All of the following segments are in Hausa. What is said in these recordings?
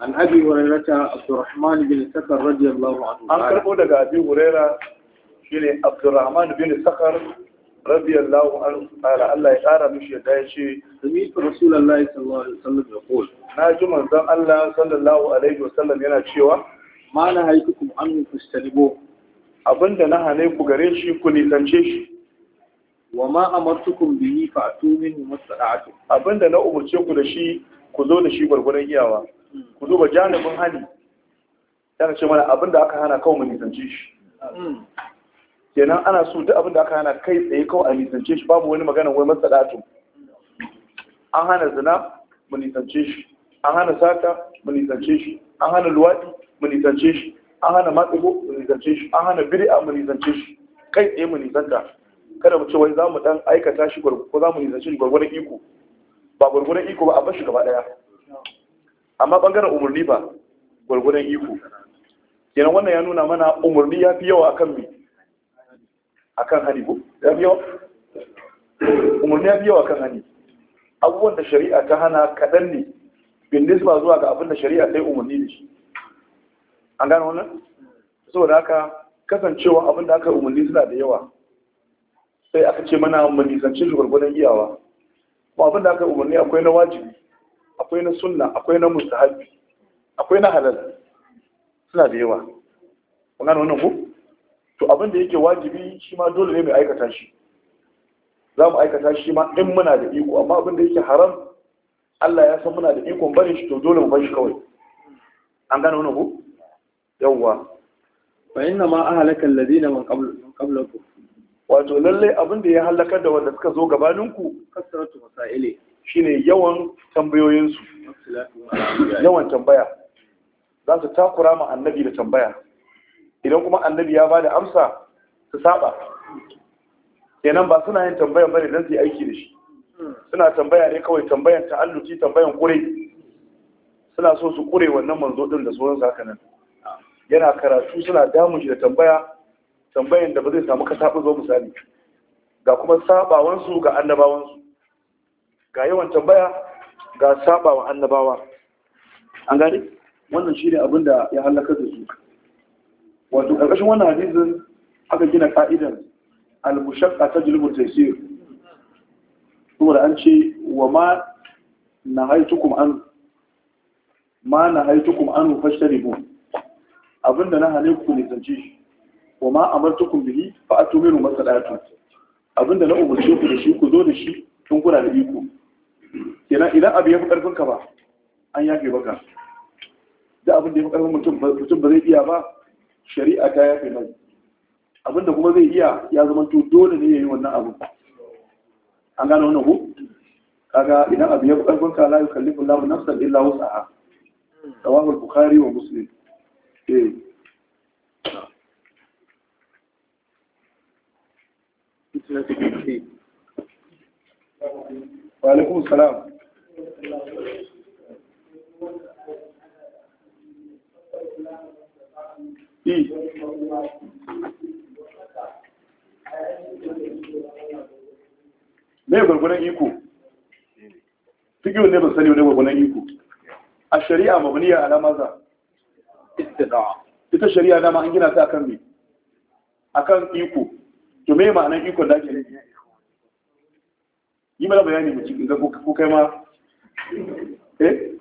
an abi hurairata abdurrahman bin sakar radiyallahu anhu an karbo daga abi huraira shine abdurrahman bin sakar radiyallahu anhu qala Allah ya kara mishi yadda ya ce sami rasulullahi sallallahu alaihi wasallam ya qul na ji manzon Allah sallallahu alaihi wasallam yana cewa ma na haikukum an tustalibu abinda na hane ku gare shi ku nisance shi wa ma amartukum bihi fa atu minhu mastata'tu abinda na umurce ku da shi ku zo da shi gwargwaron iyawa ku duba janibin hani yana ce mana abin da aka hana kawai mu nisance shi kenan ana so duk abin da aka hana kai tsaye kawai a nisance shi babu wani magana wai datu an hana zina mu nisance shi an hana sata mu nisance shi an hana luwaɗi mu nisance shi an hana matsigo mu nisance shi an hana biri'a, mu nisance shi kai tsaye mu nisanta kada mu ce wai za mu dan aikata shi ko za mu nisance shi gwargwaron iko ba gwargwaron iko ba a bashi gaba ɗaya amma bangaren umarni ba gwargwadon iko kenan wannan ya nuna mana umarni ya fi yawa a mi akan hani ko ya fi yawa umarni ya fi yawa hani abubuwan da shari'a ta hana kaɗan ne bin ba zuwa ga abin da shari'a ta yi umarni da shi an gano wannan saboda haka kasancewa abin da aka umarni suna da yawa sai aka ce mana mu nisanci shi gwargwadon iyawa kuma abin da aka umarni akwai na wajibi akwai na sunna akwai na mustahabi akwai na halal suna da yawa kun gane wannan ku? to abin da yake wajibi shi ma dole ne mai aikata shi za mu aikata shi ma in muna da iko amma abin da yake haram Allah ya san muna da ikon bari shi to dole mu bari shi kawai an gane wannan ku? yawwa fa inna ma ahlaka alladhina min qabl min qablakum wato lalle abin da ya halakar da wanda suka zo gabaninku kasaratu masaili shine yawan tambayoyinsu yawan tambaya za su takura ma annabi da tambaya idan kuma annabi ya ba da amsa su saba kenan ba suna yin tambayan bane don su yi aiki da shi suna tambaya ne kawai tambayan ta'alluki tambayan kure suna so su kure wannan manzo din da sauran saka nan yana karatu suna damun shi da tambaya tambayan da ba zai samu kasabu zo misali ga kuma sabawansu ga annabawansu ga yawan tambaya ga saba wa annabawa an gani wannan shi ne abinda ya halaka da su wato ƙarƙashin wannan hadisin aka gina ka'idan al-mushaqqa tajlibu taysir saboda an ce wa ma nahaitukum an ma nahaitukum an fashtaribu abinda na hane ku ne zance shi wa ma amartukum bihi fa atumiru masadatu abinda na umarce ku da shi ku zo da shi tun kuna da iko kenan idan abu ya fi karfin ka ba an yafe baka da abin da ya fi karfin mutum mutum ba zai iya ba shari'a ta yafe mai abin da kuma zai iya ya zama to dole ne ya yi wannan abu an gane wannan ku kaga idan abu ya fi karfin ka la yukallifu Allahu nafsan illa wus'aha rawahu al-bukhari wa muslim eh Thank you. wa alaikum salam ne gwargwaron iko fikiyon ne ba sani wani gwargwaron iko a shari'a mabaniya alamaza ita shari'a dama an gina ta akan A akan iko to me ma'anan iko da ake yi mana bayani mu cikin ga ko kai ma eh,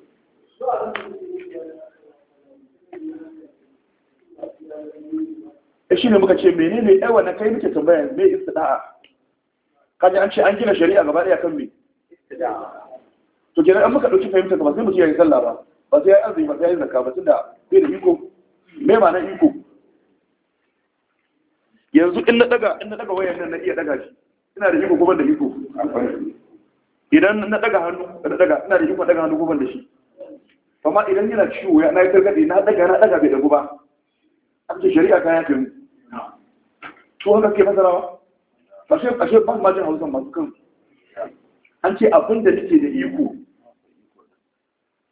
eh shi ne muka ce menene yawa na kai muke tambaya me istida'a kaje an ce an gina shari'a gaba daya kan me to kenan an muka dauki fahimta ba sai mu ya yi sallah ba ba sai ya yi azumi ba sai ya zakka ba tunda sai da iko me ma na iko yanzu in na daga in na daga wayar nan na iya daga shi ina da iko ko da iko idan na daga hannu na daga ina da ikon daga hannu ko ban da shi amma idan yana ciwo ya na yi gargaɗe na daga na daga bai dagu ba an ce shari'a ta yafe mu to haka ke masarawa ba? ashe ba ma jin hausa masu kan an ce abin da nake da iko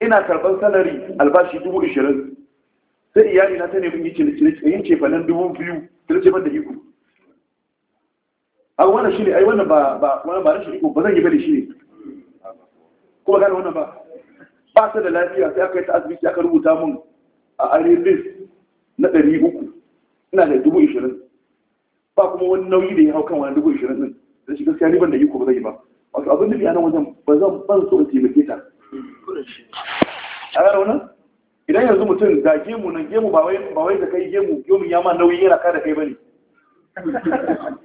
ina karɓar salari albashi dubu ishirin sai iyali na ta nemi yin ce yin ce fa dubu biyu ta ce ban da iko a wannan shi ne ai wannan ba ba wannan ba rashin iko ba zan yi bane shi ne kuma gane wannan ba ba ta da lafiya sai aka yi ta asibiti aka rubuta mun a ainihin list na ɗari uku ina da dubu ishirin ba kuma wani nauyi da ya hau kan wani dubu ishirin din da shi gaskiya ni ban da iko ba zan yi ba wato abin da biya nan wajen ba zan ban so in taimake ta a yaro nan idan yanzu mutum ga gemu nan gemu ba wai ba da kai gemu gemu ya ma nauyi yana kada kai ba ne.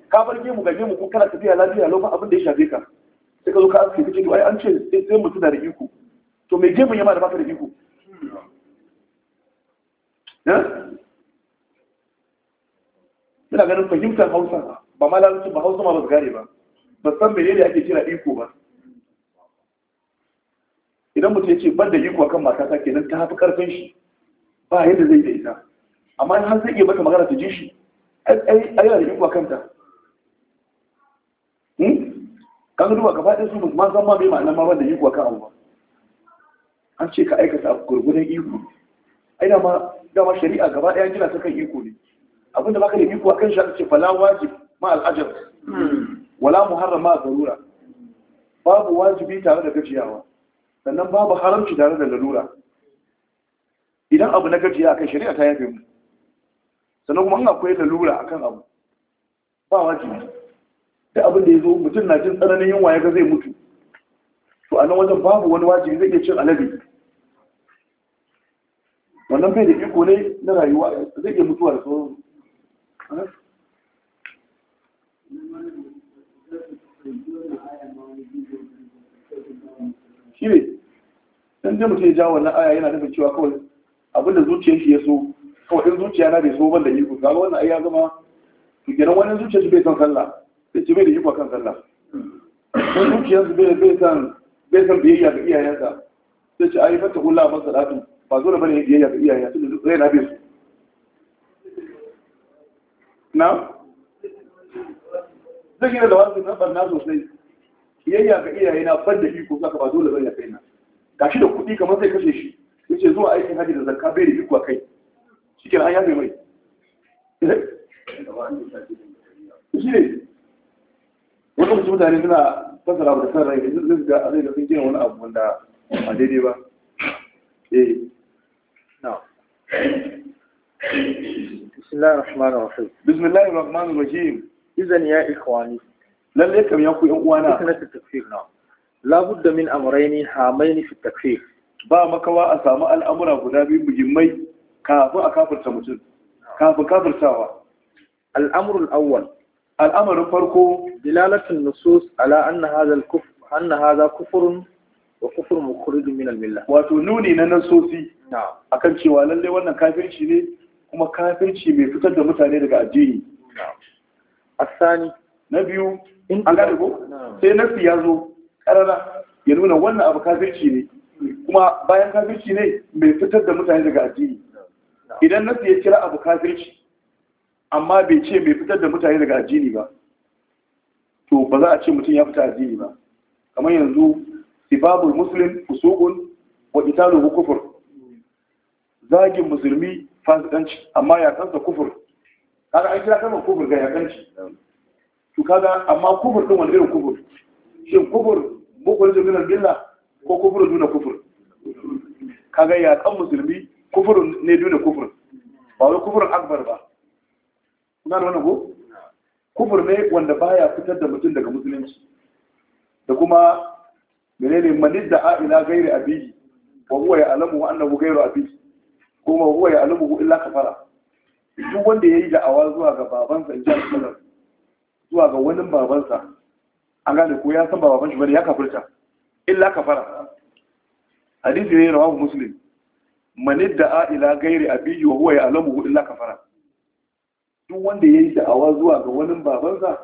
ka bar gemu ga gemu ko kana tafiya lafiya lokacin abin da ya shafe ka sai ka zo ka aske kace to ai an ce sai mutum da iko to mai gemu ya ma da baka da iko Muna eh? ganin fahimtar Hausa ba ma lalacin ba Hausa ma ba su gane ba, ba san mene da ake kira iko ba. Idan mutum ya ce ban da iko kan matata kenan ta hafi karfin shi ba yadda zai da amma in har zai iya bata magana ta ji shi ayyana da ikuwa kanta hmm? kan duba gaba ɗin su ma san ma bai ma'anar ma wanda ikuwa kan abu ba an ce ka aikata gurgunan iko ai dama dama shari'a gaba ɗaya gina ta kan iko ne abinda baka da iko kan shi ce fala wajib ma al'ajar wala muharram ma zarura babu wajibi tare da gajiyawa sannan babu haramci tare da lalura idan abu na gajiya a akan shari'a ta yafe mu sannan kuma da lura a akan abu ba wajibi da abin da ya zo mutum na jin tsananin yunwa ya ga zai mutu to a nan wajen babu wani wajibi zai iya cin alabi wannan bai da iko ne na rayuwa zai iya mutuwa da sauran shi ne ɗan da ya ja wannan aya yana nufin cewa kawai abin da zuciyar shi ya so kawai zuciya na bai so ban da iko ga wannan ai ya zama to kenan wani zuciya su bai san sallah sai ci bai da iko kan sallah wani zuciya su bai bai san bai san biyayya ga iyayensa sai ci ai fata kula masa dadu ba zo da bane biyayya ga iyayensa tunda zai na bai su. na zai gina da wasu na barna sosai biyayya ga iyayena ban da iko saka ba dole bane kai na gashi da kuɗi kamar zai kashe shi yace zuwa aikin haji da zakka bai da iko kai Cikin an yafe mai eh? shi ne wani mutum mutane suna fasara da san rai zai ga zai ga sun gina wani abu wanda ba daidai ba eh na بسم الله الرحمن الرحيم بسم الله الرحمن الرحيم اذا يا اخواني lalle kam ya ku yan uwana na takfir na la budda min amrayni hamaini fi takfir ba makawa a samu al'amura guda biyu muhimmai kafin a kafirta mutum kafin kafirtawa al'amrul awwal al'amarin farko dilalatul nusus ala anna hadha kufurin kufr anna hadha wa kufrun mukhrij min al-milla wato nuni na nasosi kan cewa lallai wannan kafirci ne kuma kafirci mai fitar da mutane daga addini asani na biyu an gane sai nasi ya zo karara ya nuna wannan abu kafirci ne kuma bayan kafirci ne mai fitar da mutane daga addini idan nasu ya kira abu kafirci amma bai ce mai fitar da mutane daga ajini ba to ba za a ce mutum ya fita ajini ba kamar yanzu sibabul muslim fusukun wa qitaluhu kufur zagin musulmi fasikanci amma ya kansa kufur kaga an kira kama kufur ga yakanci to kaga amma kufur din wani irin kufur shin kufur mukul da billa ko kufur duna kufur kaga ya kan musulmi kufurin ne duna kufurin ba wai kufurin akbar ba kuna da wani ko kufur ne wanda baya fitar da mutum daga musulunci da kuma menene manid da a'ila gairi abiji wa huwa ya'lamu annahu gairu abiji kuma huwa ya'lamu illa kafara duk wanda yayi da'awa zuwa ga babansa in ji zuwa ga wani babansa an gane ko ya san ba baban bane ya kafirta illa kafara hadisi ne rawahu muslim man da'a ila ghairi abihi wa huwa ya'lamuhu illa kafara duk wanda ya yi da'awa zuwa ga wani babansa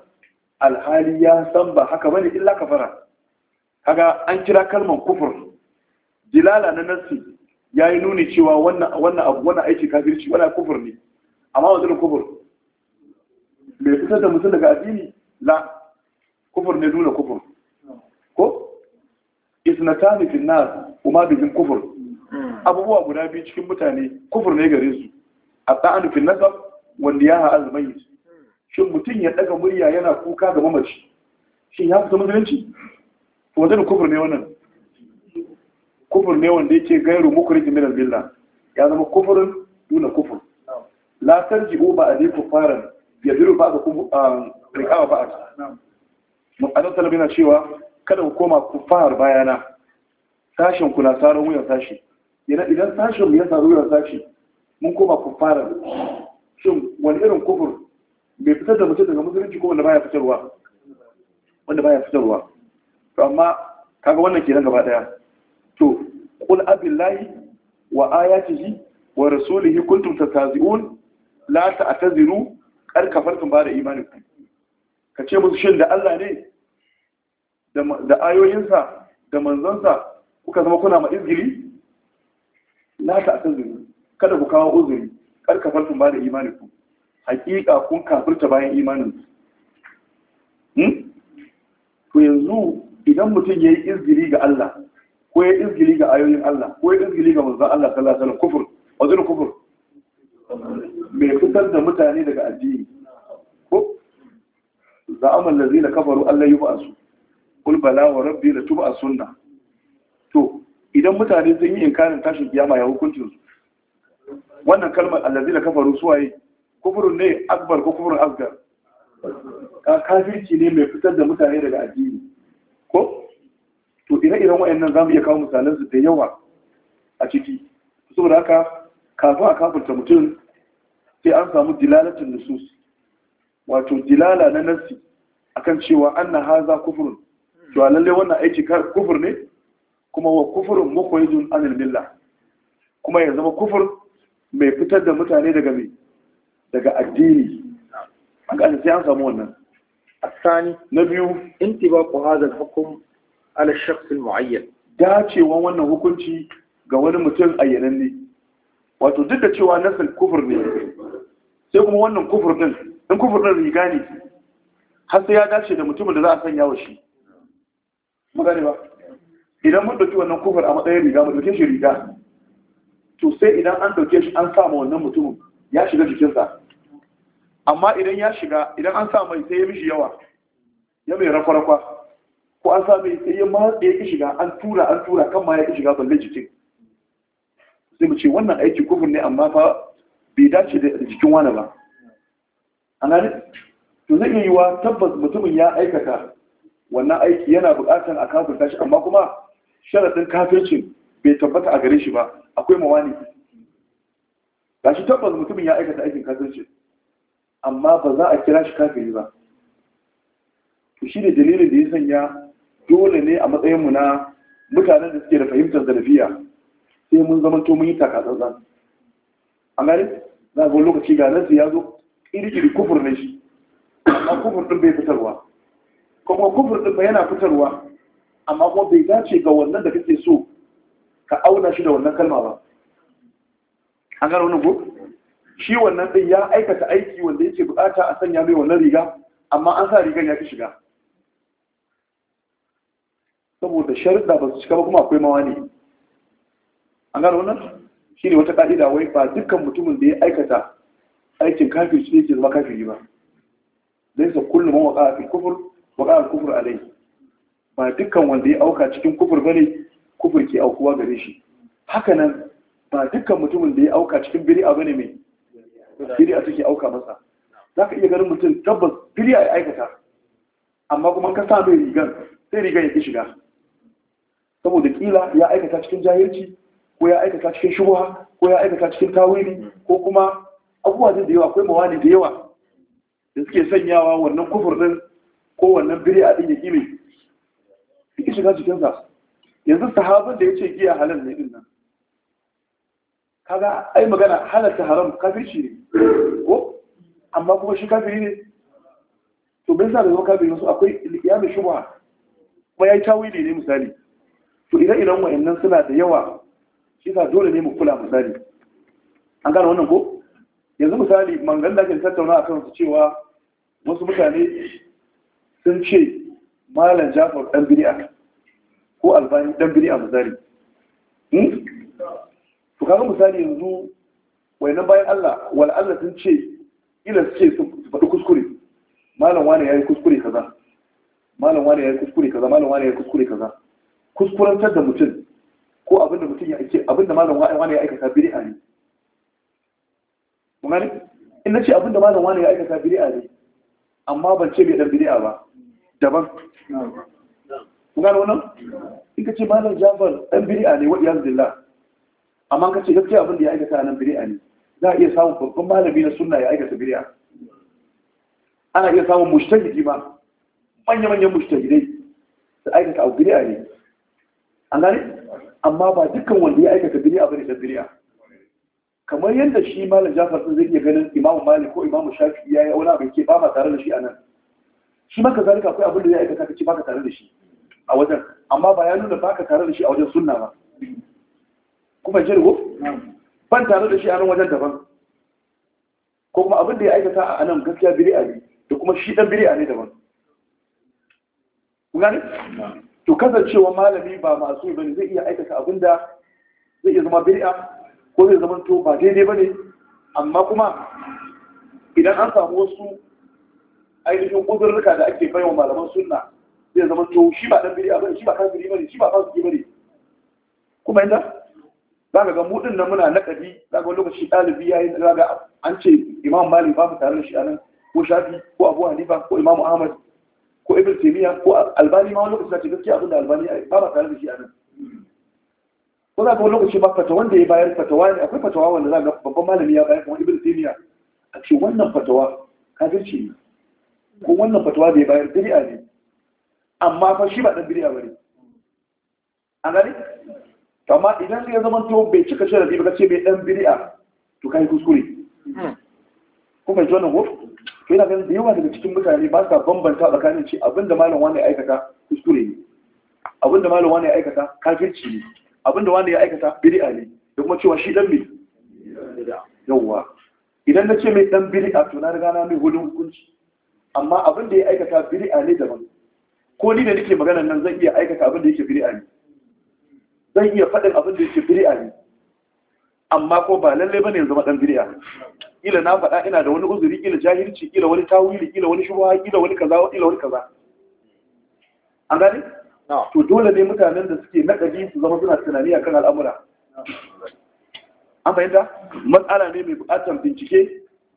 alhali ya san ba haka bane illa kafara kaga an kira kalmar kufur dilala na nassi yayi nuni cewa wannan abu wannan aiki kafirci wannan kufur ne amma wajen kufur bai fitar da mutum daga addini la kufur ne nuna kufur ko isnatani fil nas kuma bihim kufur abubuwa guda biyu cikin mutane kufur ne gare su a ta'anu fi nasab wanda ya ha'al mayyit shin mutum ya daga murya yana kuka ga mamaci shin ya fita musulunci to wajen kufur ne wannan kufur ne wanda yake gairu mukhrijin min al-billah ya zama kufurin duna kufur la tarji'u ba'di kufaran yadiru ba'dakum ah, rikawa ba'd mu'adatu labina cewa kada ku koma kufar bayana sashin kula tsarin wuyan sashi idan sashen ya faru da sashi mun koma fara. shin wani irin kufur bai fitar da mutum daga musulunci ko wanda baya fitarwa wanda baya fitarwa to amma kaga wannan kenan gaba daya to qul abillahi wa ayatihi wa rasulihi kuntum tatazi'un la ta'taziru kar kafartum ba da imanin ka ce musu shin da Allah ne da ayoyinsa da manzonsa, kuka zama kuna ma izini? Na ta tazuru kada ku kawo uzuri kar ka farkun ba da imani ku hakika kun kafirta bayan imanin hmm? to yanzu idan mutum ya yi izgiri ga Allah ko ya yi izgiri ga ayoyin Allah ko ya yi izgiri ga manzan Allah sallallahu alaihi kufur wazir kufur mai fitar da mutane daga addini ko za'amal lazina kafaru Allah yub'asu qul bala wa rabbi la sunna to idan mutane sun yi inkarin tashin kiyama ya hukuncin su wannan kalmar da kafaru suwaye kufurin ne akbar ko kufurin asgar kafirci ne mai fitar da mutane daga addini ko to ire-iren wayannan za mu iya kawo misalan su da yawa a ciki saboda haka kafin a kafirta mutum sai an samu dilalatin nusus wato dilala na nassi akan cewa anna haza kufurun to lalle wannan aiki kufur ne kuma wa kufurin mukhrijun anil milla kuma ya zama kufur mai fitar da mutane daga mai daga addini an ga sai an samu wannan asani na biyu intibaqu hadha al-hukm ala shakhs al-mu'ayyan dacewan wannan hukunci ga wani mutum ne. wato duk da cewa nasal kufur ne sai kuma wannan kufur ɗin. in kufur ɗin riga ne har sai ya dace da mutumin da za a sanya wa shi magana ba idan mun ɗauki wannan kufar a matsayin riga mu ɗauke shi riga to sai idan an ɗauke shi an samu wannan mutumin ya shiga jikinsa amma idan ya shiga idan an sa mai sai ya mishi yawa ya mai rakwarakwa, ko an sa mai sai ya matsa ya shiga an tura an tura kan ma ya shiga balle jikin sai mu ce wannan aiki kufur ne amma fa bai dace da jikin wani ba ana ne to zai yi wa tabbas mutumin ya aikata wannan aiki yana bukatar a kafin tashi amma kuma sharaɗin kafircin bai tabbata a gare shi ba akwai mawani ga shi tabbas mutumin ya aikata aikin kafirci amma ba za a kira shi kafiri ba to shi ne dalilin da ya sanya dole ne a matsayinmu na mutanen da suke da fahimtar zarafiya sai mun zama to mun yi takatsantsan a gari za a ga lokaci ga nan ya zo iri-iri kufur na shi amma kufur ɗin bai fitarwa kuma kufur ɗin ba yana fitarwa amma kuma bai dace ga wannan da kake so ka auna shi da wannan kalma ba an gano wani ko shi wannan din ya aikata aiki wanda yake bukata a sanya mai wannan riga amma an sa rigan ya fi shiga saboda sharuɗa ba su cika ba kuma akwai mawa ne. an gano wannan shi ne wata ƙa'ida wai ba dukkan mutumin da ya aikata aikin kafin shi ne ke zama yi ba sa kullum man waƙa kufur wa al kufur alai ba dukkan wanda ya auka cikin kufur bane kufur ke aukuwa gare shi hakanan ba dukkan mutumin da ya auka cikin biri'a bane mai biri'a take auka masa za ka iya ganin mutum tabbas biri'a ya aikata amma kuma ka sa mai rigar sai rigar ya ki shiga saboda kila ya aikata cikin jahilci ko ya aikata cikin shubuha ko ya aikata cikin tawili ko kuma abubuwa da yawa akwai mawani da yawa da suke sanyawa wannan kufur din ko wannan biri'a din ya mai suke shiga sa yanzu sahabin da ya ce giya halal ne din nan kaga ai magana ta haram kafirci ne ko amma kuma shi kafiri ne to bai sa da zama kafiri wasu akwai ya mai shubha kuma ya yi tawili ne misali to idan idan wa'annan suna da yawa shi sa dole ne mu kula misali an gane wannan ko yanzu misali mangan da ake tattauna akan su cewa wasu mutane sun ce malam jafar dan aka ko albani dan a misali hmm to kaga misali yanzu nan bayan Allah wal Allah sun ce ila su ce su faɗi kuskure malam wani yayi kuskure kaza malam wani yayi kuskure kaza malam wani yayi kuskure kaza kuskurantar da mutum ko abinda mutum ya ake abinda malam wani ya aikata a ne kuma ne in nace abinda malam wani ya aikata a ne amma ban ce bai dan a ba daban gano nan, in ka ce malam jafar ɗan biri'a ne wa 'Yanzu billah amma ka ce gaskiya abin da ya aikata nan biri'a ne za a iya samun babban malami na suna ya aikata biri'a ana iya samun mushtahidi ma manya-manyan dai, da aikata abu biri'a ne an gane amma ba dukkan wanda ya aikata biri'a bane da biri'a kamar yadda shi malam jafar sun zai iya ganin imamu malik ko imamu shafi ya yi wani abin ke ba ma tare da shi a nan shi maka zalika akwai abin da zai aikata ka ci baka tare da shi a wajen amma ba ya nuna baka tare da shi a wajen sunna ba kuma ko? ban tare da shi a nan wajen daban ko kuma abin da ya aikata a nan gaskiya biri'a ne da kuma shi dan biri'a ne daban gani to kasancewa malami ba masu bane zai iya aikata abin da zai iya zama biri'a ko zai zama to ba daidai bane amma kuma idan an samu wasu ainihin uzurruka da ake baiwa malaman sunna zai zama to shi ba dan biri a shi ba biri bane shi ba fasiki bane kuma inda zaka ga mu din nan muna nakadi zaka wani lokaci dalibi yayi zaka an ce imam malik ba mu tare da shi anan ko shafi ko abu hanifa ko imam ahmad ko ibn taymiya ko albani ma wani lokaci zaka gaske abin da albani ba ba tare da shi anan ko za ka wani lokaci ba fatawa wanda ya bayar fatawa ne akwai fatawa wanda za ga babban malami ya bayar kamar ibn taymiya a ce wannan fatawa kafirci ne kun wannan fatawa da ya bayar biri'a ne amma fa shi ba dan biri'a bane an gani amma idan ya zama to bai cika sharadi ba kace bai dan biri'a. to kai kuskure hmm. kuma ji wannan hof to yana ganin da yawa daga cikin mutane ba sa bambanta tsakanin ce abinda malam wani ya aikata kuskure ne abinda malam wani ya aikata kafirci ne abinda wani ya aikata biri'a ne da kuma cewa shi dan biri'a yawa idan na ce mai dan biri'a to na riga na mai hudun hukunci amma abin da ya aikata biri'a ne daban ko ni da nake magana nan zan iya aikata abin da yake biri'a ne zan iya faɗin abin da yake biri'a ne amma ko ba lalle bane zama dan biri'a? ila na faɗa ina da wani uzuri ila jahilci ila wani tawili ila wani shubha ila wani kaza ila wani kaza an gane to dole ne mutanen da suke nakadi su zama suna tunani akan al'amura an fahimta matsala ne mai buƙatar bincike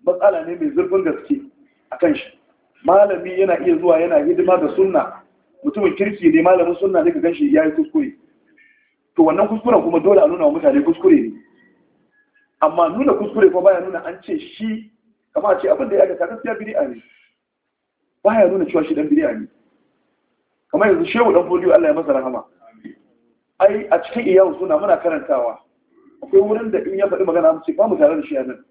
matsala ne mai zurfin gaske akan shi malami yana iya zuwa yana hidima da sunna mutumin kirki ne malamin sunna ne ka ganshi ya yi kuskure to wannan kuskuren kuma dole a nuna wa mutane kuskure ne amma nuna kuskure kuma baya nuna an ce shi kamar ce abin da ya aikata gaskiya a ne baya nuna cewa shi dan a ne kamar yanzu shehu dan bodiyo Allah ya masa rahama ai a cikin iyawu suna muna karantawa akwai wurin da in ya faɗi magana mu ce ba mu tare da shi a nan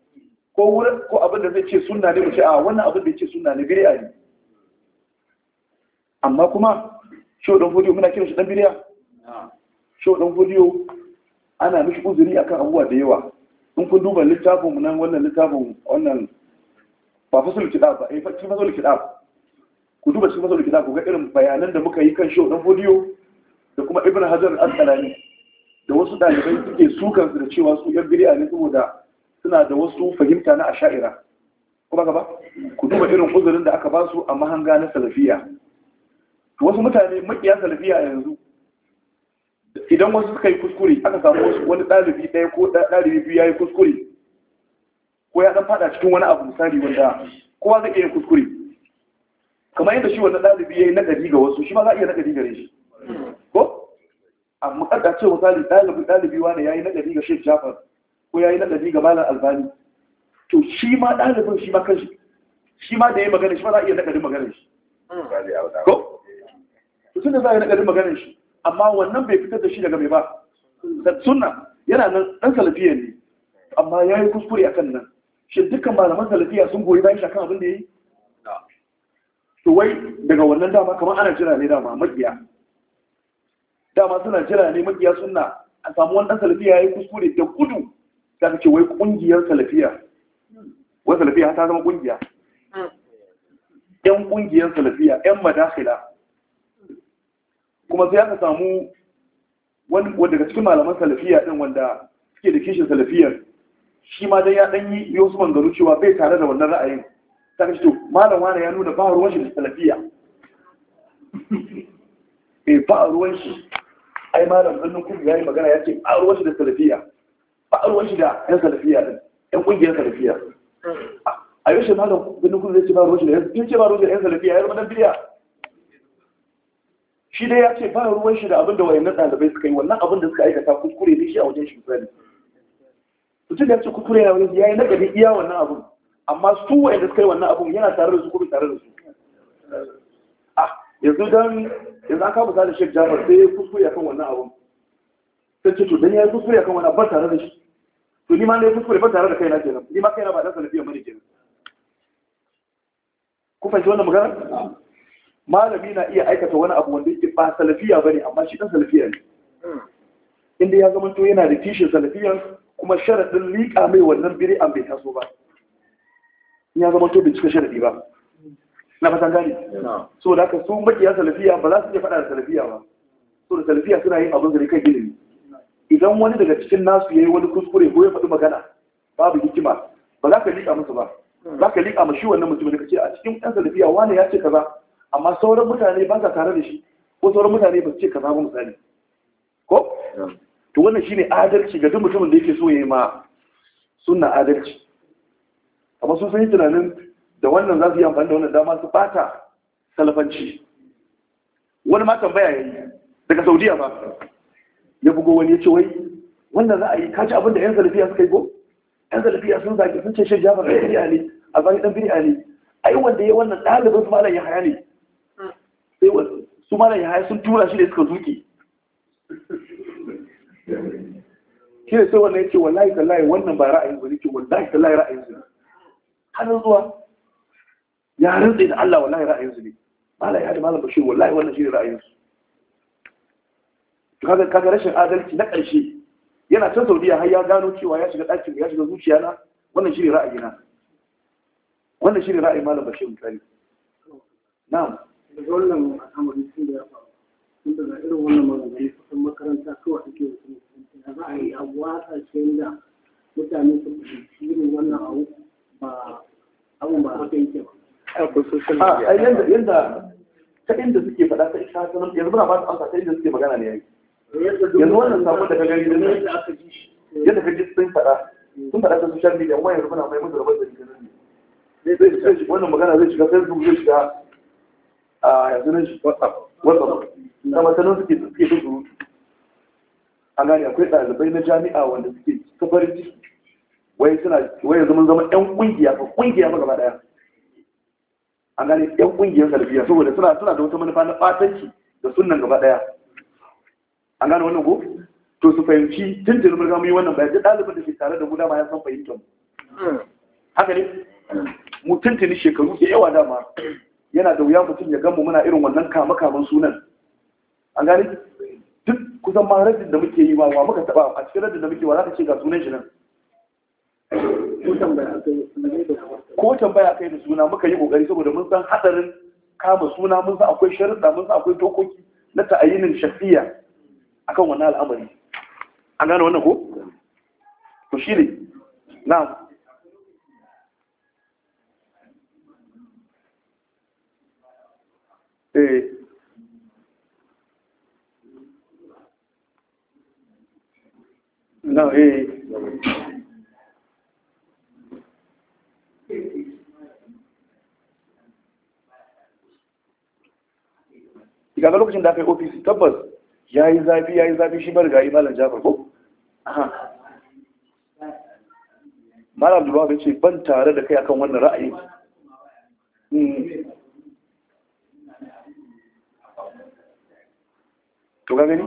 ko wurin ko abin da zai ce suna ne mace a wannan abin da ya ce suna ne biriya ne amma kuma shi dan godiyo muna kiran shi dan biriya. shi dan godiyo ana mishi uzuri akan abubuwa da yawa in kun duba littafin mu nan wannan littafin wannan ba ɗafa a ba eh cikin fasul ɗafa ku duba cikin fasul kitab ku ga irin bayanan da muka yi kan shi dan godiyo da kuma ibn hajar al-asqalani da wasu ɗalibai suke sukan su da cewa su yan bid'a ne saboda suna da wasu fahimta na asha'ira kuma gaba ku duba irin uzurin da aka ba su a mahanga na salafiya wasu mutane makiya salafiya yanzu idan wasu suka yi kuskure aka samu wasu, wani ɗalibi ɗaya ko ɗalibi biyu ya yi kuskure ko ya ɗan fada cikin wani abu misali wanda kowa zai iya kuskure kamar yadda shi wannan ɗalibi ya yi nagari ga wasu shi ma za a iya nagari gare shi ko amma kada ce misali ɗalibi ɗalibi wani ya yi nagari ga shek jafar ko ya yi ladabi ga malar albani to shi ma ɗalibin shi ma kanshi shi ma da ya magana shi ma za a iya naɗarin magana. shi ko to suna za a yi naɗarin magana shi amma wannan bai fitar da shi daga mai ba da sunna yana nan ɗan salafiya ne amma ya yi kuskure a kan nan shi dukkan malaman salafiya sun goyi bayan shi akan abin da ya yi to wai daga wannan dama kamar ana jira ne dama maƙiya. dama suna jira ne makiya sunna a samu wani ɗan salafiya ya yi kuskure da gudu za ka ce wai kungiyar salafiya wai salafiya ta zama kungiya? yan kungiyar salafiya yan madakila kuma sai aka samu wanda daga cikin malaman salafiya ɗin wanda suke da kishin salafiyar shi ma dai ya ɗan yi yosu mangaru cewa bai tare da wannan ra'ayin ta kashi to malam wani ya nuna ba ruwan shi da salafiya eh ba ruwan shi ai malam zannin kun ya yi magana ya ce ba ruwan shi da salafiya shi a yau ce ya dai ya ce shi da abinda wayannan ɗalibai suka yi wannan suka aikata kuskure ne shi a wajen shi mutum ya ce kuskure na ya nagari iya wannan abin amma su suka yi wannan abin yana tare da su kuma tare da su yanzu don yanzu an da shek jafar sai ya kuskure akan wannan abin tare da shi to ni ma ne kuskure ba tare da kaina kenan ni ma kaina ba dan salafiyan bane kenan ku fahimci wannan magana malami na iya aikata wani abu wanda yake ba salafiya bane amma shi dan salafiya ne inda ya zama to yana da tishin salafiyan kuma sharadin liƙa mai wannan biri an bai taso ba in ya zama to bai cika sharadi ba na fatan gani so da haka su makiya salafiya ba za su iya faɗa da salafiya ba so da salafiya suna yin abin da kai ilimi idan wani daga cikin nasu ya yi wani kuskure ko ya faɗi magana babu hikima ba za ka liƙa musu ba za ka liƙa mashi wannan mutumin da kace a cikin ɗan salafiya wani ya ce kaza amma sauran mutane ba sa tare da shi ko sauran mutane ba su ce kaza ba misali ko to wannan shine adalci ga duk mutumin da yake so ya yi ma sunna adalci amma sun san yi tunanin da wannan za su yi amfani da wannan dama su bata salafanci wani ma tambaya yayi daga saudiya ba ya bugo wani ya ce wai wannan za a yi kaci abinda yan salafiya suka yi ko yan salafiya sun zage sun ce shi jafar a biri'a ne a zage ɗan biri'a ne ai wanda ya wannan ɗalibin su malam ya haya ne sai su malam ya haya sun tura shi ne suka zuke shi ne sai wannan ya ce wallahi tallahi wannan ba ra'ayin ba ne ce wallahi tallahi ra'ayin su ne har zuwa ya rantsa da Allah wallahi ra'ayin su ne malam ya da malam bashir wallahi wannan shi ne ra'ayin su kaga rashin adalci na ƙarshe yana can saudiya har ya gano cewa ya shiga ɗakin ya shiga zuciya na wannan shi ne ra'ayi na wannan shi ne ra'ayi malam bashir mutane a yi a ta inda suke faɗa ta isa yanzu muna ba su amsa ta inda suke magana ne yayi yanzu wannan samu da gagari da nan yadda ka ji sun faɗa sun faɗa ta social media wani yanzu muna mai mutu rabar da jikin ne wannan magana zai shiga facebook zai shiga a yanzu nan shi whatsapp whatsapp na matsalin suke suke ta zuru a gani akwai ɗalibai na jami'a wanda suke ta farin ciki wai suna wai yanzu mun zama ƴan ƙungiya ko ƙungiya ba gaba ɗaya a gani ƴan ƙungiyar salfiya saboda suna suna da wata manufa na ɓatanci da sunan gaba ɗaya an gane wannan ko to su fahimci tun da mun ga yi wannan bayan ɗalibin da ke tare da mu dama ya san fahimtar mu haka ne mu tuntuni shekaru da yawa dama yana da wuya mutum ya gamu muna irin wannan kama kaman sunan an gane duk kusan ma rajin da muke yi ma wa muka taba a cikin rajin da muke wa za ka ce ga sunan shi nan ko tambaya kai da suna muka yi kokari saboda mun san hadarin kama suna mun san akwai sharuɗa mun san akwai dokoki na ta'ayinin shafiya akan wannan al'amari an gane wannan ko to shi ne na eh na eh daga lokacin da aka yi ofisi tabbas ya yi zafi ya yi zafi shi bar gayi malam jafar ko malam da ya ce ban tare da kai akan wannan ra'ayi hmm. to ga gani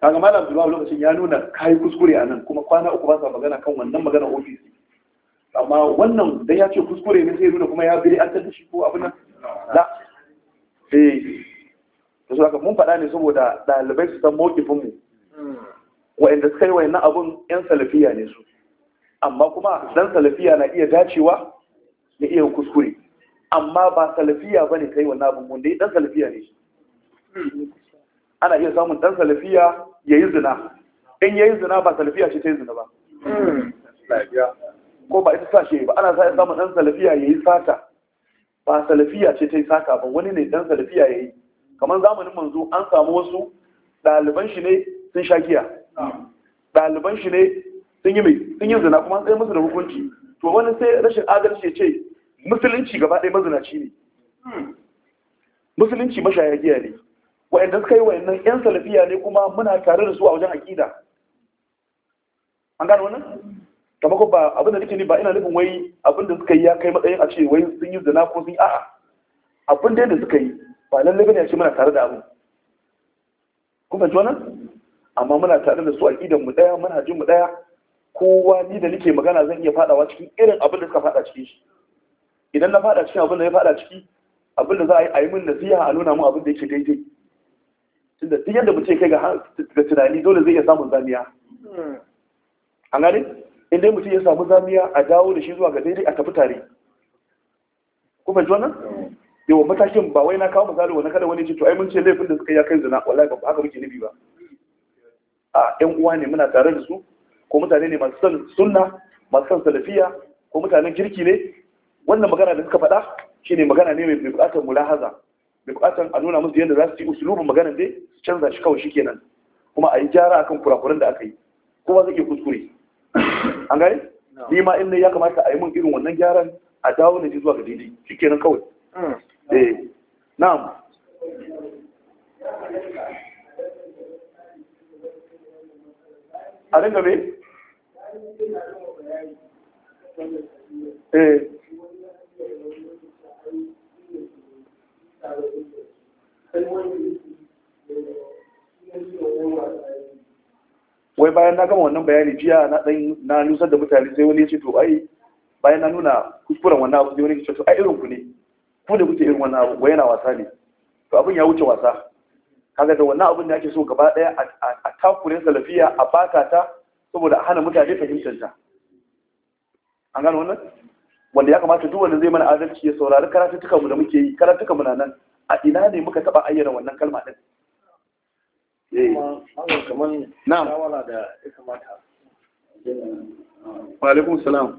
kaga malam dubawa lokacin ya nuna kayi kuskure a nan kuma kwana uku ba sa magana kan wannan magana ofis amma wannan dai ya ce kuskure ne sai nuna kuma ya biri an tattashi ko abin nan la eh da su haka mun faɗa ne saboda ɗalibai su san mu wa'inda suka yi wa'innan abun yan salafiya ne su amma kuma dan salafiya na iya dacewa na iya kuskure amma ba salafiya ba ne kai yi wannan abin wanda yi dan salafiya ne ana iya samun dan salafiya ya yi zina in ya yi zina ba salafiya ce ta yi zina ba ko ba ita sashe ba ana samun dan salafiya ya yi sata ba salafiya ce ta yi sata ba wani ne dan salafiya ya yi kamar zamanin manzo an samu wasu ɗaliban shi ne sun sha giya ɗaliban shi ne sun yi mai sun yi zina kuma tsaye musu da hukunci to wani sai rashin adalci ya ce musulunci gaba ɗaya mazinaci ne musulunci mashaya giya ne wa'anda suka yi wa'annan yan salafiya ne kuma muna tare da su a wajen aƙida an gano wannan kamar ba abin da nake ni ba ina nufin wai abin da suka yi ya kai matsayin a ce wai sun yi zina ko sun yi a'a abin da suka yi ba lalle bane shi ce muna tare da abu kun fahimci wannan amma muna tare da su a idan mu daya muna jin mu daya kowa ni da nake magana zan iya fadawa cikin irin abin da suka fada cikin shi idan na fada cikin abin da ya fada ciki abin da za a yi a yi min nasiha a nuna mu abin da yake daidai tunda duk yadda mutum kai ga tunani dole zai iya samun zamiya an gane in dai mutum ya samu zamiya a dawo da shi zuwa ga daidai a tafi tare ku fahimci wannan yau matakin ba wai na kawo misali wani kada wani ce to ai mun ce laifin da suka ya kai zina wallahi ba haka muke nufi ba a yan uwa ne muna tare da su ko mutane ne masu son sunna masu son salafiya ko mutanen kirki ne wannan magana da suka faɗa shine magana ne mai buƙatar mulahaza mai buƙatar a nuna musu yadda za su yi usulubin magana dai su canza shi kawai shikenan kuma a yi gyara akan kurakuran da aka yi kowa zai iya kuskure an gane ni ma in ya kamata a yi mun irin wannan gyaran a dawo ne ji zuwa ga daidai shikenan kawai mm. eh na'am a dinga me eh wai bayan na gama wannan bayani jiya na dan na nusar da mutane sai wani ya ce to ai bayan na nuna kuskuren wannan abu sai wani ya ce to ai irin ku ne ku da kuke irin wannan abu wai yana wasa ne to abin ya wuce wasa kaga da wannan abin da ake so gaba daya a takure salafiya a baka ta saboda hana mutane fahimtar ta an gano wannan wanda ya kamata duk wanda zai mana adalci ya saurari karatuttukan mu da muke yi karatuttukan mu na nan a ina ne muka taba ayyana wannan kalma din eh. na'am wa alaikum salam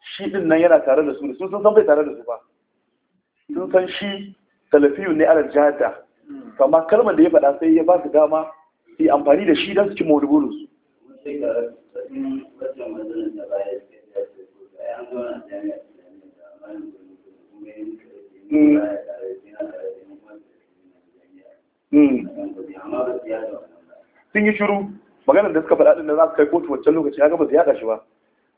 shi din nan yana tare da su ne sun san bai tare da su ba sun san shi salafiyu, ne ala jada amma kalmar da ya faɗa sai ya ba su dama su amfani da shi don su ci hmm. hmm. sun yi shiru maganar da suka faɗa ɗin da za su kai kotu wancan lokaci ya gaba su shi ba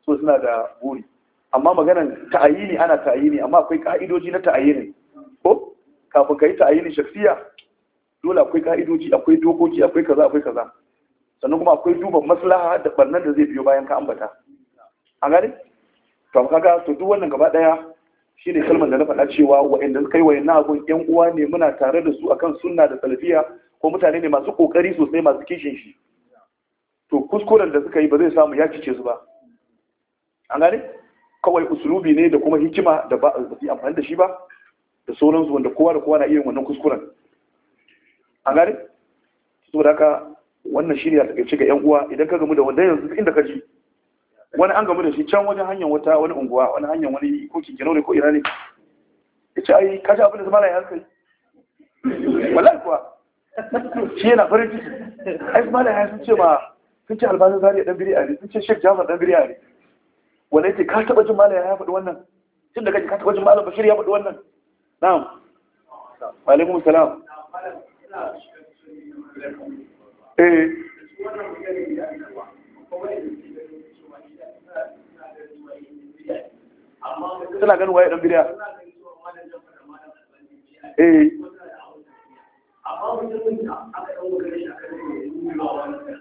so suna da buri amma maganan ta'ayini ana ta'ayini amma akwai ka'idoji na ta'ayini ko kafin ka yi ta'ayini shafiya. dole akwai ka'idoji akwai dokoki akwai kaza akwai kaza sannan kuma akwai duba maslaha da barnan da zai biyo bayan ka ambata a gani to kaga to duk wannan gaba daya shine kalmar da na faɗa cewa wa'anda suka yi wayannan abun yan uwa ne muna tare da su akan sunna da salafiya ko mutane ne masu kokari sosai masu kishin shi to kuskuren da suka yi ba zai samu ya cice su ba an gane kawai usulubi ne da kuma hikima da ba a yi amfani da shi ba da sauransu wanda kowa da kowa na irin wannan kuskuren a su da aka wannan shi ne a takaice ga 'yan uwa idan ka gamu da wanda yanzu inda ka ji wani an gamu da shi can wajen hanyar wata wani unguwa wani hanyar wani ko kinkinau ne ko ina ne ya ce ai ka ji abin da zama na yi wallahi kuwa shi yana farin ciki ai zama na yi sun ce ma sun ce albanin zari dan biri a ne sun ce shek jamus dan biri a ne wanda yake ka taba jin malam ya faɗi wannan tun da kake ka taba jin malam bashir ya faɗi wannan na'am wa alaikum salam eh suna ganin waye dan bidiya eh amma mutum da aka dauka shi aka yi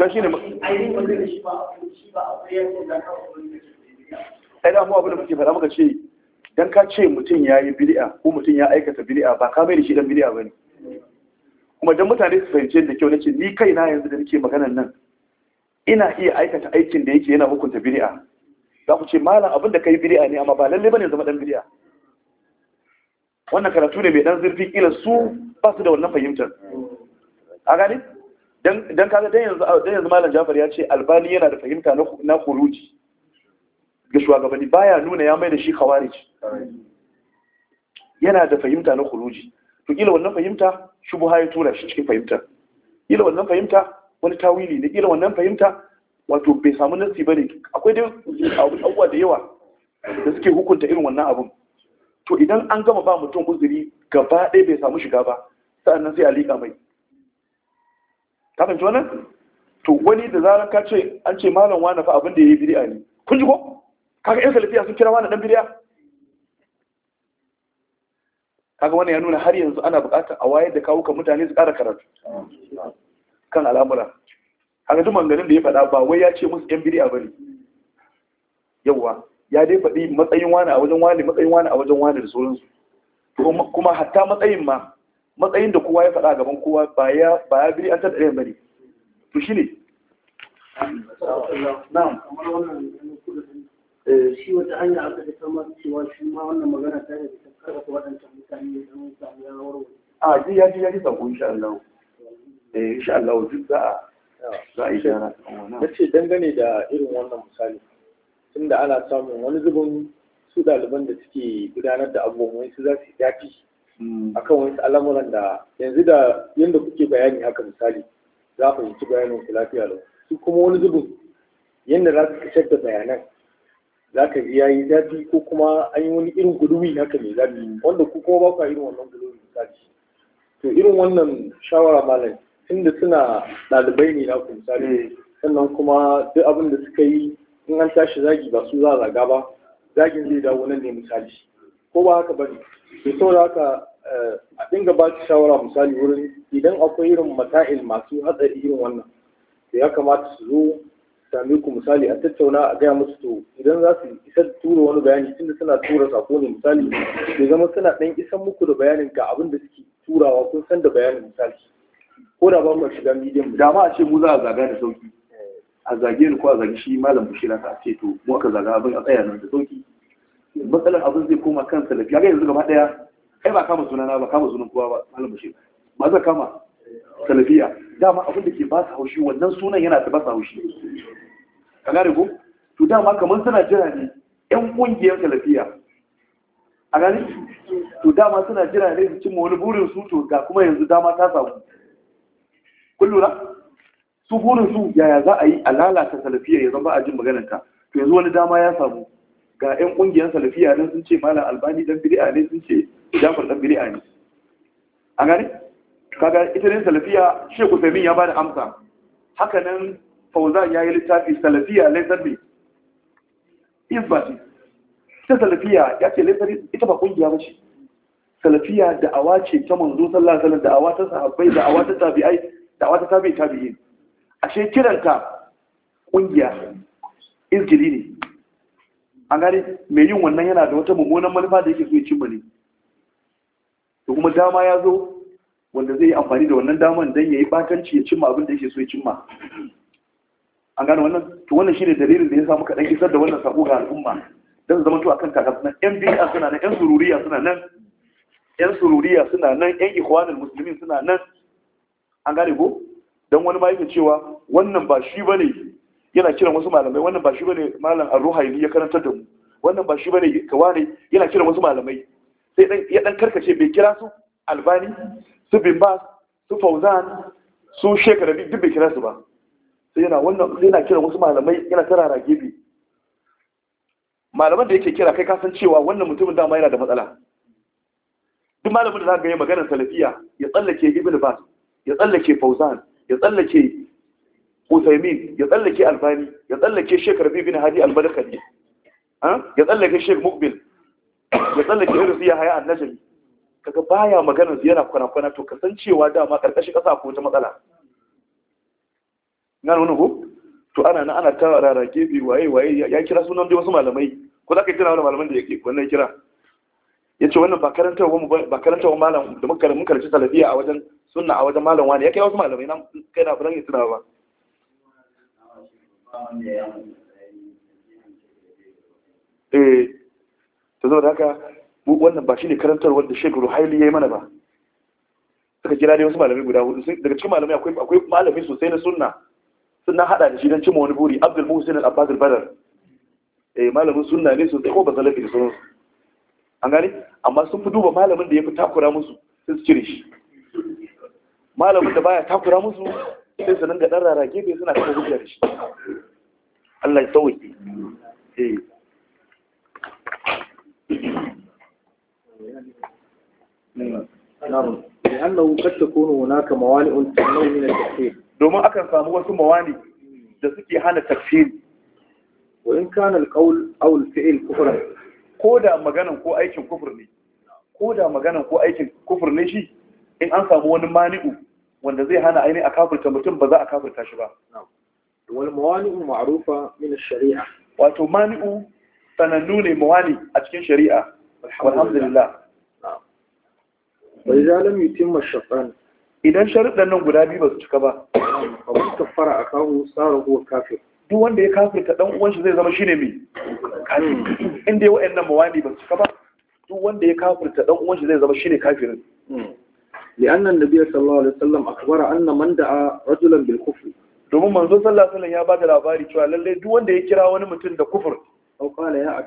ta shi ne ai da mu abin da muke fara muka ce dan ka ce mutum ya yi bid'a ko mutum ya aikata bid'a ba ka mai da shi dan bid'a bane kuma dan mutane su fahimci da kyau na nace ni kai na yanzu da nake maganar nan ina iya aikata aikin da yake yana hukunta bid'a za ku ce malam abin da kai bid'a ne amma ba lalle bane zama dan bid'a wannan karatu ne mai dan zurfi kila su ba su da wannan fahimtar a gani dan kaga dan yanzu ah, dan yanzu malam Jafar ya ce Albani yana da fahimta na na khuruji ga shugabanni baya nuna ya mai da shi khawarij yana da fahimta na khuruji to kila wannan fahimta shubha ya tura shi cikin fahimta kila wannan fahimta wani tawili ne kila wannan fahimta wato bai samu nasi bane akwai dai abuwa da yawa da suke hukunta irin wannan abun to idan an gama ba mutum uzuri gaba ɗaya bai samu shiga ba sa'annan sai a liƙa mai ka ci wannan to wani da zarar ka ce an ce malam wani fa abin da yayi bid'a ne kun ji ko kaga yan salafiya sun kira wani dan bid'a kaga wannan ya nuna har yanzu ana buƙatar a wayar da kawo kan mutane su ƙara karatu kan al'amura kaga duk manganin da ya faɗa ba wai ya ce musu yan bid'a bane yawa ya dai faɗi matsayin wani a wajen wani matsayin wani a wajen wani da sauransu kuma hatta matsayin ma matsayin da kowa ya faɗa gaban kowa ba ya biri an tattare ba ne to shi ne eh, a ji ya ji ya ji sako insha Allah eh insha Allah duk za a za a yi shara ce dangane da irin wannan misali tunda ana samun wani zubin su daliban da suke gudanar da abubuwan su za su yi dafi Mm. akan wasu al'amuran da yanzu da yadda kuke bayani haka misali za a fahimci bayanin ku lafiya lau su kuma wani zubin yadda za su kashar da bayanan za ka ji yayi zafi ko kuma an yi wani irin guduwi haka mai zafi wanda ku kuma ba ku irin wannan gudumi misali to irin wannan shawara malam tunda suna ɗalibai ne na ku misali mm. sannan kuma duk abin da suka yi in an tashi zagi ba su za a zaga ba zagin zai dawo nan ne misali ko ba haka ba ne? to saboda haka Eh, a dinga ba su shawara misali wurin idan akwai irin mata'il masu hatsari irin wannan to ya kamata su zo sami ku misali a tattauna a gaya musu to idan za su isar tura wani bayani tunda suna tura sako ne misali da zama suna ɗan isan muku da bayanin ga abin da suke turawa kun san da bayanin misali ko da ba mu shiga midiyan da ma a ce mu za a zaga da sauki a zage ni ko a zage shi malam bushira ka ce to mu aka zaga abin a tsaya nan da sauki matsalar abin zai koma kansa da fiye yanzu gaba ɗaya kai ba kama sunana ba kama sunan kowa ba malam bashir ma zai kama salafiya dama abin da ke ba su haushi wannan sunan yana ta ba su haushi ka gane ko to dama kamar suna jira ne yan kungiyar salafiya a gani to dama suna jira ne su cimma wani burin su to ga kuma yanzu dama ta samu kun lura su burin su yaya za a yi a lalata salafiya ya zama a jin ka to yanzu wani dama ya samu ga yan kungiyar salafiya nan sun ce malam albani dan bid'a ne sun ce jafar dan bid'a ne an gane kaga ita ne salafiya shehu usaimin ya bada amsa haka nan fauzan ya yi littafi salafiya laisar ne isbati ita salafiya ya ce laisar ita ba kungiya ba ce salafiya da'awa ce ta manzo sallallahu alaihi wasallam da'awa ta sahabbai da'awa ta tabi'ai da'awa ta tabi'i a ashe kiranta kungiya izgili ne an gane mai yin wannan yana da wata mummunan manufa da yake so ya cimma ne to kuma dama ya zo wanda zai yi amfani da wannan daman don ya yi batanci ya cimma abin da yake so ya cimma an gane wannan to wannan shine dalilin da ya samu kaɗan isar da wannan sako ga al'umma don su zama to akan kakas nan yan bid'a suna nan yan sururiya suna nan yan sururiya suna nan yan ikhwanul muslimin suna nan an gane ko don wani ma yake cewa wannan ba shi bane yana kiran wasu malamai wannan ba shi bane malam ar ruhaini ya karantar da mu wannan ba shi bane kawane yana kiran wasu malamai sai ya dan karkace bai kira su albani su bimbas su fauzan su shekara biyu duk bai kira su ba sai yana wannan sai yana kira wasu malamai yana tarara gefe malaman da yake kira kai ka san cewa wannan mutumin dama yana da matsala duk malamin da za ka yi maganar salafiya ya tsallake ibn bas ya tsallake fauzan ya tsallake usaimin ya tsallake albani ya tsallake shekar bin hadi albarkali ya tsallake shek mukbil ya tsallake irin su haya a annajami kaga baya magana su yana kwana-kwana to kasancewa dama karkashin kasa ko wata matsala na nuna ko to ana na ana ta rarage bi waye waye ya kira sunan dai wasu malamai ko za ka tunawa wani malaman da ke wannan kira ya ce wannan ba karantarwa malam da muka mun karanci salafiya a wajen sunna a wajen malam wani ya kai wasu malamai na kai na furan tuna ba eh ta zo da haka wannan ba shi ne karantar wanda shekaru haili ya yi mana ba suka kira dai wasu malamai guda hudu daga cikin malamai akwai malamai sosai na sunna sunna hada da shi don cimma wani buri abdul muhsin al abbas al badar eh malamin sunna ne sosai ko ba salafi da sauransu an gani amma sun fi duba malamin da ya fi takura musu sai su cire shi malamin da baya takura musu sai su dinga dan rara gefe suna kawo hujja da shi Allah ya sauke eh لأنه قد تكون هناك موانئ من التكفير دوما أكن موانئ da suke hana tafsiri wa in ko da maganan ko aikin kufur ne shi in an samu wani mani'u wanda zai hana aini a kafirta mutum ba za a kafirta shi ba sharia wato mani'u sanannu ne muwani a cikin shari'a alhamdulillah bai lam yutimma mashafan idan sharuɗan nan guda biyu ba su cika ba ka fara a kawo tsara ko kafir duk wanda ya kafirta dan uwan shi zai zama shine mai kafir inda ya wa'annan mawani ba su cika ba duk wanda ya kafirta dan uwan shi zai zama shine kafirin لأن النبي صلى الله عليه وسلم أخبر أن من دعا رجلا بالكفر domin manzo sallallahu alaihi wasallam ya bada labari cewa lalle duk wanda ya kira wani mutum da kufur aw qala ya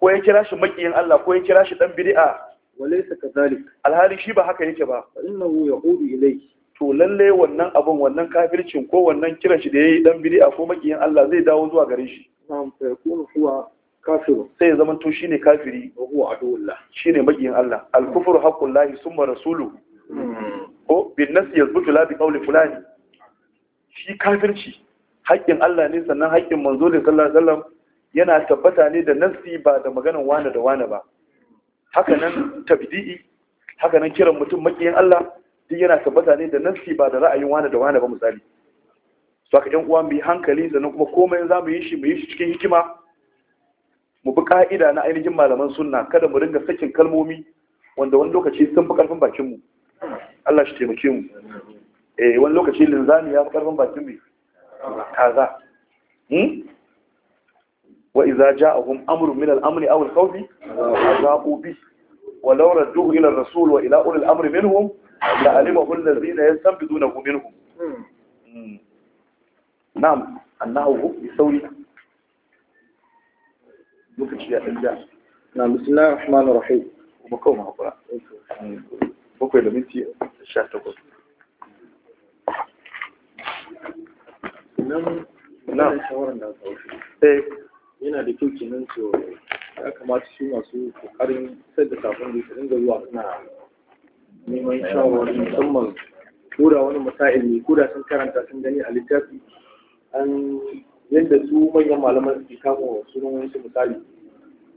ko ya kira shi makiyin Allah ko ya kira shi dan bid'a walaysa kadhalik alhali shi ba haka yake ba fa innahu yaudu ilayhi to lalle wannan abun wannan kafircin ko wannan kiran shi da yayi dan bid'a ko makiyin Allah zai dawo zuwa gare shi na'am sai yakunu huwa kafiru sai ya zama to shine kafiri wa huwa aduwullah shine makiyin Allah al-kufru lahi summa rasuluhu hmm. ko bin nas yazbutu la bi qawli fulani shi kafirci haƙƙin Allah ne sannan haƙƙin manzo ne sallallahu alaihi wasallam yana tabbata ne da nasi ba da maganan wane da wane ba hakanan tabdi'i hakanan kiran mutum makiyin Allah duk yana tabbata ne da nasi ba da ra'ayin wane da wane ba misali so aka ɗan uwa mu yi hankali sannan kuma komai za mu yi shi mu yi shi cikin hikima mu bi ka'ida na ainihin malaman sunna kada mu ringa sakin kalmomi wanda wani lokaci sun fi karfin bakin mu Allah shi taimake mu eh wani lokaci linzani ya fi karfin bakin mu kaza hmm? وإذا جاءهم أمر من الأمر أو الخوف أذاقوا به ولو ردوه إلى الرسول وإلى أولي الأمر منهم لعلمه الذين يستنبدونه منهم نعم أنه هو يسوي نعم بسم الله الرحمن الرحيم وبكوم أقرأ بكوي لمنتي الشهر تقول نعم نعم yana da kyau kenan su ya kamata su masu kokarin sai da sabon da su dinga zuwa suna neman shawarwari musamman kura wani masail ne kura sun karanta sun gani a littafi an yadda su manyan malaman suke kama sunan wasu misali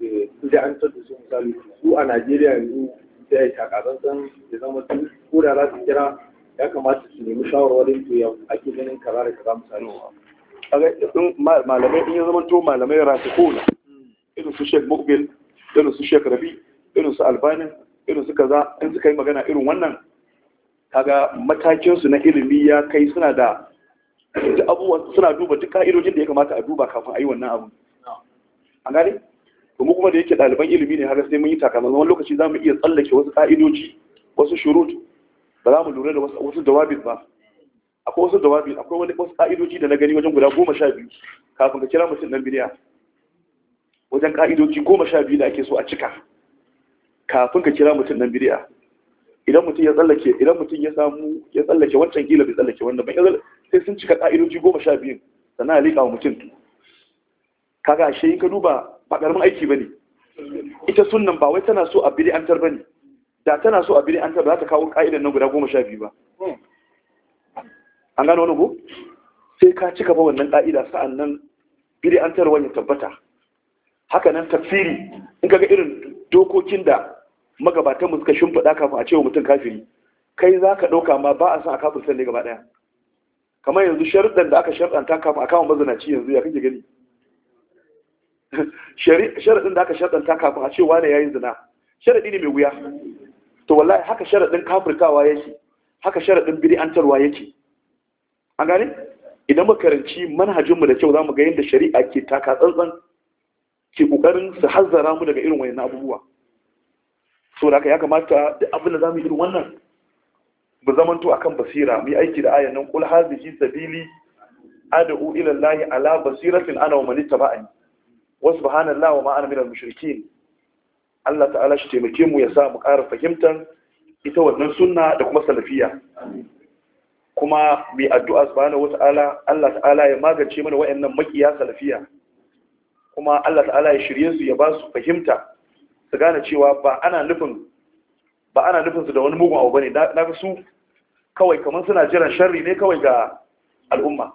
eh, su da an tattu su misali su a najeriya yanzu sai ya san ya zama su kura za su kira ya kamata su nemi shawarwarin su ya ake ganin kaza da kaza misali malamai in ya zama to malamai rasikuna irin su Sheikh Mukbil irin su Sheikh Rabi irin su Albani irin su kaza in suka yi magana irin wannan kaga matakin su na ilimi ya kai suna da duk suna duba duk ka'idojin da ya kamata a duba kafin a yi wannan abu an gane kuma kuma da yake ɗaliban ilimi ne har sai mun yi takamaiman wani lokaci za mu iya tsallake wasu ka'idoji wasu shuru ba za mu lura da wasu jawabin ba akwai wasu jawabi akwai wani wasu ka'idoji da na gani wajen guda goma sha biyu kafin ka kira mutum nan bidiya wajen ka'idoji goma sha biyu da ake so a cika kafin ka kira mutum nan bidiya idan mutum ya tsallake idan mutum ya samu ya tsallake wancan kila bai tsallake wannan ba sai sun cika ka'idoji goma sha biyu sannan a liƙa wa mutum kaga ashe in ka duba ba ƙaramin aiki ba ne ita sunan ba wai tana so a bidi an ba ne. da tana so a bidi an ba za ta kawo ka'idan nan guda goma sha biyu ba an gano wani ku sai ka cika ba wannan ƙa'ida sa'an nan tarwa ya tabbata haka nan tafsiri in ga irin dokokin da magabatanmu suka shimfiɗa kafin a cewa mutum kafiri kai za ka ɗauka ma ba a san a kafin sanne gaba ɗaya kamar yanzu sharuɗan da aka sharuɗanta kafin a kama mazinaci yanzu ya kake gani sharaɗin da aka sharaɗanta kafin a cewa ne ya yi zina sharaɗi ne mai wuya to wallahi haka sharaɗin kafirtawa yake haka sharaɗin bid'antarwa yake an gane idan makaranci manhajinmu da kyau za mu ga yadda shari'a ke taka tsantsan ke ƙoƙarin su hazzara mu daga irin wayannan abubuwa so da ya kamata da abin da za mu irin wannan mu a kan basira mu yi aiki da ayan nan qul hazihi sabili ad'u ila allahi ala basiratin ana wa man ittaba'ani wa subhanallahi wa ma ana minal mushrikeen Allah ta'ala shi taimake mu ya sa mu ƙara fahimtar ita wannan sunna da kuma salafiya kuma mai addu'a wa ta’ala Allah ta'ala ya magance mana wayannan makiya salafiya kuma Allah ta'ala ya shirye su ya ba su fahimta su gane cewa ba ana nufin su da wani mugun abu bane na ga su kawai kamar suna jiran sharri ne kawai ga al'umma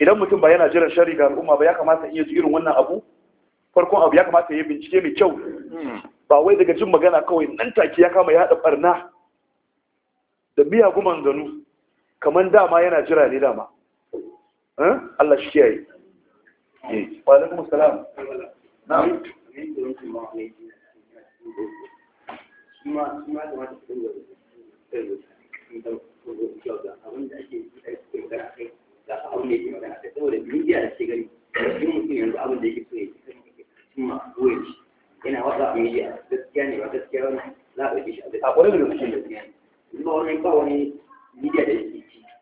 idan mutum ba yana jiran sharri ga al'umma ba ya kamata in yi irin wannan abu farkon abu ya kamata ya bincike mai kyau ba wai daga jin magana kawai nan take ya kama ya haɗa barna da miyagun ganu Kaman dama yana jira ne dama eh? Allah shi kiyaye eh. wa alaikum salam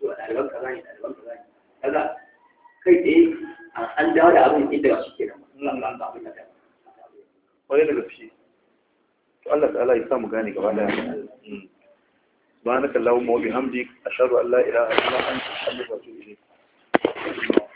cewa ɗaliban kaza ne ne kai tsaye an dawo da abin inda su ke nan ba da ta da to Allah ta'ala ya samu gane gaba da subhanaka allahumma wa bihamdik ashhadu an la ilaha illa anta astaghfiruka wa atubu ilayk